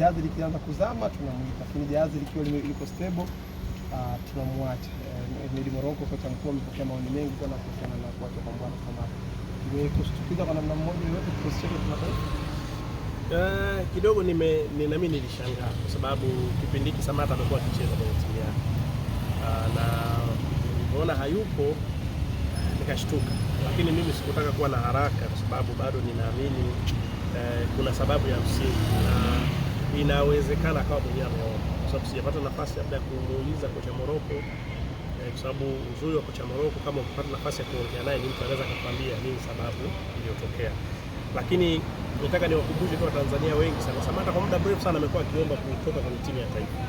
jahazi likianza kuzama tunamwita, lakini jahazi likiwa liko stable uh, tunamwacha. Uh, eh, Emeli Morocco kocha mkuu amepokea maoni mengi sana kuhusiana na kuachwa kwa Mbwana Samatta. Imekushtukiza kwa namna mmoja yoyote kikosi chetu kimataifa? Uh, eh, kidogo nime ni, nami nilishangaa kwa sababu kipindi hiki Samata amekuwa akicheza kwenye timu yake uh, na nilipoona hayupo eh, nikashtuka, lakini mimi sikutaka kuwa na haraka kwa sababu bado ninaamini eh, kuna sababu ya msingi na inawezekana akawa mwenyewe ameona, kwa sababu sijapata nafasi labda ya kumuuliza kocha Moroko, eh, kwa sababu uzuri wa kocha Moroko, kama ukipata nafasi ya kuongea naye, ni mtu anaweza akakwambia nini sababu iliyotokea. Lakini nataka niwakumbushe tu Watanzania wengi sana, Samatta kwa muda mrefu sana amekuwa akiomba kutoka kwenye timu ya taifa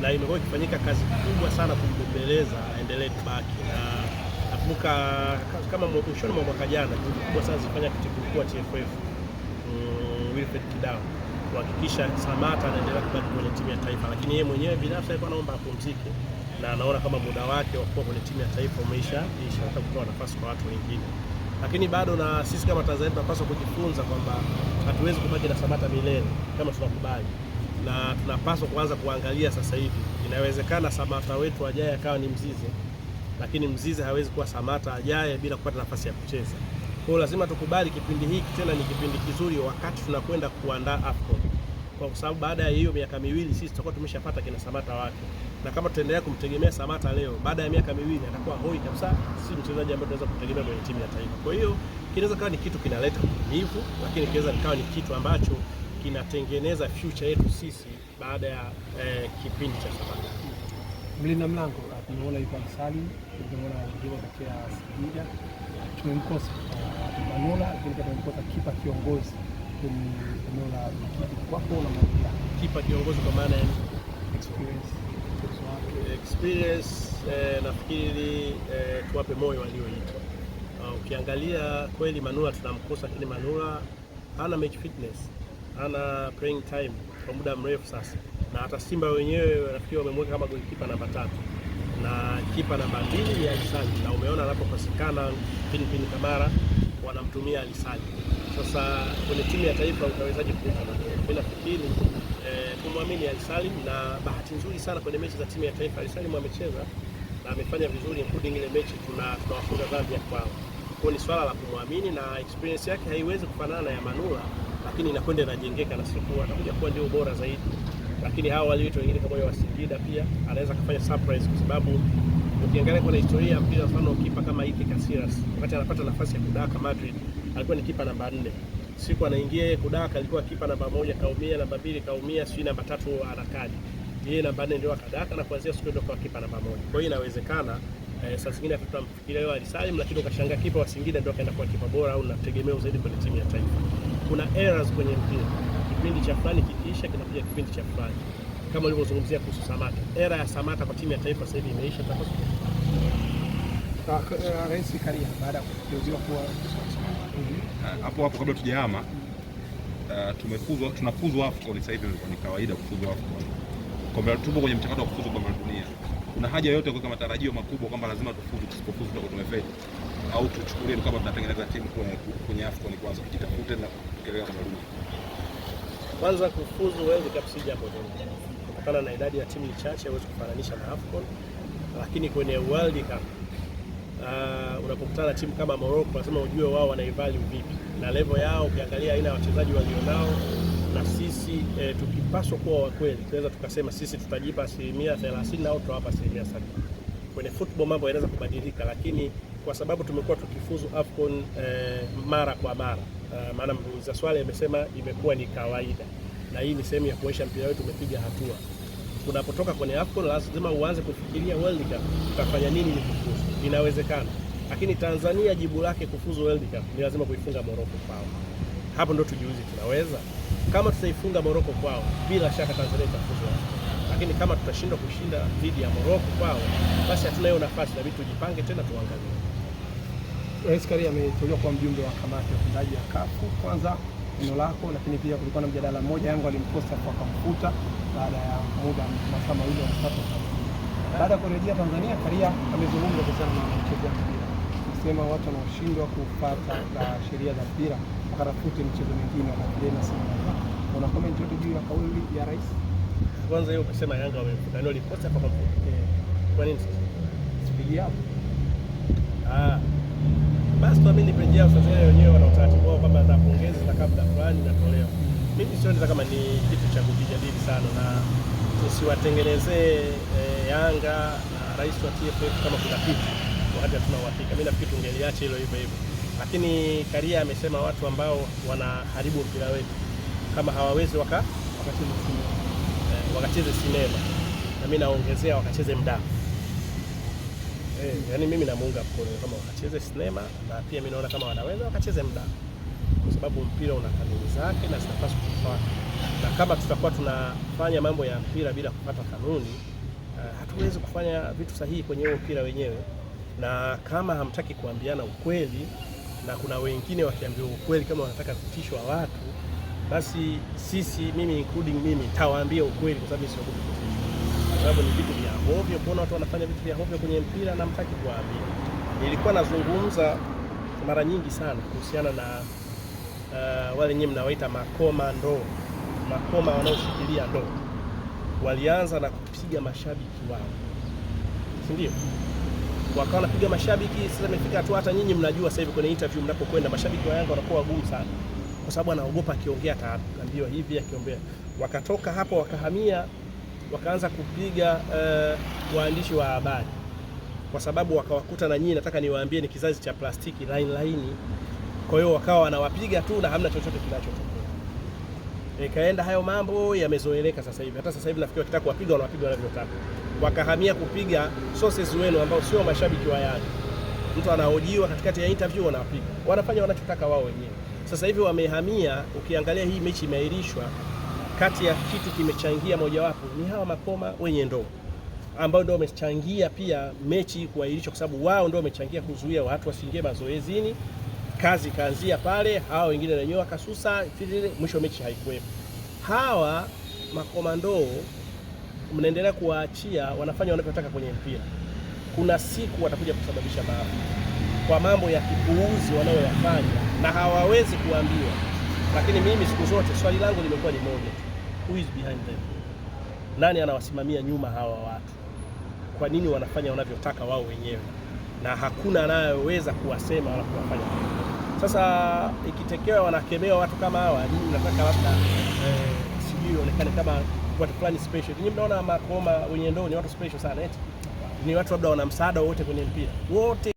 na imekuwa ikifanyika kazi kubwa sana kumbembeleza aendelee kubaki na nakumbuka kama mwishoni mwa mwaka jana juhudi kubwa sana zifanya katibu mkuu wa TFF mm, Wilfred Kidao kuhakikisha Samata anaendelea kubaki kwenye timu ya taifa, lakini yeye mwenyewe binafsi alikuwa anaomba apumzike na anaona kama muda wake wa kuwa kwenye timu ya taifa umeisha isha, hata kutoa nafasi kwa watu wengine. Lakini bado na sisi kama Tanzania tunapaswa kujifunza kwamba hatuwezi kubaki na Samata milele kama tunakubali, na tunapaswa kuanza kuangalia sasa hivi. Inawezekana Samata wetu ajaye akawa ni mzizi, lakini mzizi hawezi kuwa Samata ajaye bila kupata nafasi ya kucheza. Kwa lazima tukubali kipindi hiki tena ni kipindi kizuri, wakati tunakwenda kuandaa AFCON kwa sababu baada ya hiyo miaka miwili sisi tutakuwa tumeshapata kina Samata wake, na kama tutaendelea kumtegemea Samata leo, baada ya miaka miwili atakuwa hoi kabisa, si mchezaji ambaye tunaweza kumtegemea kwenye timu ya taifa. Kwa hiyo kinaweza kawa ni kitu kinaleta kuumivu, lakini kinaweza kawa ni kitu ambacho kinatengeneza future yetu sisi baada ya eh, kipindi cha Samata. Mlinda mlango tumeona yuko Salim, tumeona wengine katika Singida, tumemkosa Manola, eh, lakini tumemkosa kipa kiongozi kwenye eneo la kipi kwako na maisha kipa kiongozi, kwa maana ya experience experience. Eh, nafikiri eh, tuwape moyo walioitwa. Uh, ukiangalia kweli Manula tunamkosa, lakini Manula hana match fitness, hana playing time kwa muda mrefu sasa, na hata Simba wenyewe nafikiri wamemweka kama goalkeeper namba tatu na kipa namba mbili ni Alisali, na umeona anapokosekana Pinpin Kamara wanamtumia Alisali. Sasa kwenye timu ya taifa utawezaje kuuka? Mimi nafikiri eh, kumwamini Ally Salim, na bahati nzuri sana kwenye mechi za timu ya taifa Ally Salim amecheza na amefanya vizuri, including ile mechi tuna tunawafunga Zambia kwao. Kwa ni swala la kumwamini na experience yake haiwezi kufanana na ya Manula, lakini inakwenda inajengeka na siku atakuja kuwa ndio bora zaidi. Lakini hao walioitwa wengine kama wa Singida pia anaweza kufanya surprise, kwa sababu ukiangalia kwa historia ya mpira, mfano kipa kama Iker Casillas wakati anapata nafasi ya kudaka Madrid alikuwa ni kipa namba nne. Siku anaingia yeye Kudaka alikuwa kipa namba moja kaumia, namba mbili kaumia, sijui namba tatu anakaji yeye namba nne ndio akadaka na kuanzia siku ndio kwa kipa namba moja. Kwa hiyo inawezekana eh, saa zingine akatoa tutamfikiria leo alisalim, lakini ukashangaa kipa wa Singida ndio akaenda kwa kipa bora au nategemea zaidi kwenye timu ya taifa. Kuna errors kwenye mpira, kipindi cha fulani kikiisha kinakuja kipindi cha fulani, kama ulivyozungumzia kuhusu Samata. Era ya Samata kwa timu ya taifa sasa hivi imeisha. Takaso ah, rais Karia baada ya kuteuliwa kuwa Eh, hapo hapo kabla tujahama eh, tumekuzwa tunakuzwa AFCON. Sasa hivi ni kawaida kufuzwa AFCON, kwamba tupo kwenye mchakato wa kufuzwa kwa dunia. Kuna haja yoyote kuweka matarajio makubwa kwamba lazima tufuzu, tusipofuzu tutakuwa tumefeli, au tuchukulie kama tunatengeneza timu kwenye AFCON kwanza, tujitafute na kuelekea kwa dunia. Kwanza kufuzu World Cup si jambo dogo, kutokana na idadi ya timu chache, huwezi kufananisha na AFCON, lakini kwenye World Cup uh, unapokutana na timu kama Morocco lazima ujue wao value vipi na level yao, ukiangalia aina ya wachezaji walionao na sisi e, tukipaswa kuwa wakweli tunaweza tukasema sisi tutajipa asilimia thelathini au tutawapa asilimia sabini. Kwenye football mambo yanaweza kubadilika, lakini kwa sababu tumekuwa tukifuzu AFCON e, mara kwa mara e, maana muuliza swali amesema imekuwa ni kawaida, na hii ni sehemu ya kuonyesha mpira wetu umepiga hatua unapotoka kwenye AFCON lazima uanze kufikiria World Cup utafanya nini ili kufuzu. Inawezekana, lakini Tanzania jibu lake kufuzu World Cup ni lazima kuifunga Morocco kwao. Hapo ndo tujiulize, tunaweza? Kama tutaifunga Morocco kwao, bila shaka Tanzania itafuzu, lakini kama tutashindwa kushinda dhidi ya Morocco kwao, basi hatuna hiyo nafasi, nabidi tujipange tena, tuangalie. Rais Karia ameteuliwa kuwa mjumbe wa kamati ya utendaji ya CAF. Kwanza neno lako, lakini pia kulikuwa na mjadala mmoja, Yanga alimkosa kwa kamfuta baada ya muda masaa mawili au matatu. Baada ya kurejea Tanzania, Karia amezungumza kuhusiana na mchezo wa mpira, amesema watu wanaoshindwa kufuata na sheria za mpira wakatafute mchezo mingine na sana. Una comment yote juu ya kauli ya rais? Kwanza hiyo ukisema Yanga wamefuta, ndio likosa kwa eh. kwa nini sasa? Sipigi hapo. Ah, tuamini peji yao Tanzania wenyewe wana utaratibu wao kwamba na pongezi za kabla fulani natolewa. Mimi sioni kama ni kitu cha kujadili sana, na tusiwatengenezee eh, Yanga na rais wa TFF kama kuna kitu wakati hatuna uhakika. Mimi nafikiri tungeliacha hilo hivyo hivyo, lakini Karia amesema watu ambao wanaharibu mpira wetu kama hawawezi waka wakacheze sinema, eh, na mimi naongezea wakacheze mdamu eh, yani mimi namuunga mkono kama wakacheze sinema, na pia mimi naona kama wanaweza wakacheze muda, kwa sababu mpira una kanuni zake na zinapaswa kufuatwa, na kama tutakuwa tunafanya mambo ya mpira bila kupata kanuni uh, hatuwezi kufanya vitu sahihi kwenye huo mpira wenyewe. Na kama hamtaki kuambiana ukweli, na kuna wengine wakiambiwa ukweli kama wanataka kutishwa watu, basi sisi, mimi including mimi, tawaambia ukweli kwa sababu siogopi sababu ni vitu vya hovyo kuona watu wanafanya vitu vya hovyo kwenye mpira na mtaki kuwaambia. Nilikuwa nazungumza mara nyingi sana kuhusiana na uh, wale nyinyi mnawaita makoma ndo makoma wanaoshikilia ndo walianza na kupiga mashabiki wao, si ndio? Wakawa wanapiga mashabiki. Sasa imefika tu hata nyinyi mnajua sasa hivi kwenye interview mnapokwenda, mashabiki wa Yanga wanakuwa wagumu sana, kwa sababu anaogopa akiongea ataambiwa hivi, akiongea. Wakatoka hapo wakahamia wakaanza kupiga uh, waandishi wa habari kwa sababu wakawakuta na nyinyi, nataka niwaambie, ni kizazi cha plastiki laini laini. Kwa hiyo wakawa wanawapiga tu na hamna chochote kinachotokea. Ikaenda hayo mambo yamezoeleka sasa hivi. Hata sasa hivi nafikiri wakitaka kuwapiga wanawapiga wanavyotaka, wakahamia kupiga sources wenu ambao sio mashabiki wa Yanga. Mtu anahojiwa katikati ya interview, wanawapiga, wanafanya wanachotaka wao wenyewe. Sasa hivi wamehamia, ukiangalia hii mechi imeahirishwa kati ya kitu kimechangia mojawapo ni hawa makoma wenye ndoo ambao ndio wamechangia pia mechi kuahirishwa, kwa sababu wao ndio wamechangia kuzuia watu wasiingie mazoezini. Kazi kaanzia pale, hawa wengine wenyewe wakasusa, mwisho mechi haikuwepo. Hawa makomandoo mnaendelea kuwaachia, wanafanya wanavyotaka kwenye mpira. Kuna siku watakuja kusababisha maafa kwa mambo ya kipuuzi wanayoyafanya, na hawawezi kuambiwa. Lakini mimi siku zote swali langu limekuwa ni moja Who is behind them? Nani anawasimamia nyuma hawa watu? Kwa nini wanafanya wanavyotaka wao wenyewe, na hakuna anayeweza kuwasema wala kuwafanya? Sasa ikitekewa wanakemewa watu kama hawa, mimi nataka labda eh, sijui ionekane kama watu fulani special. Nyinyi mnaona Makoma wenye ndoo ni watu special sana eti? Ni watu labda wana msaada wote kwenye mpira wote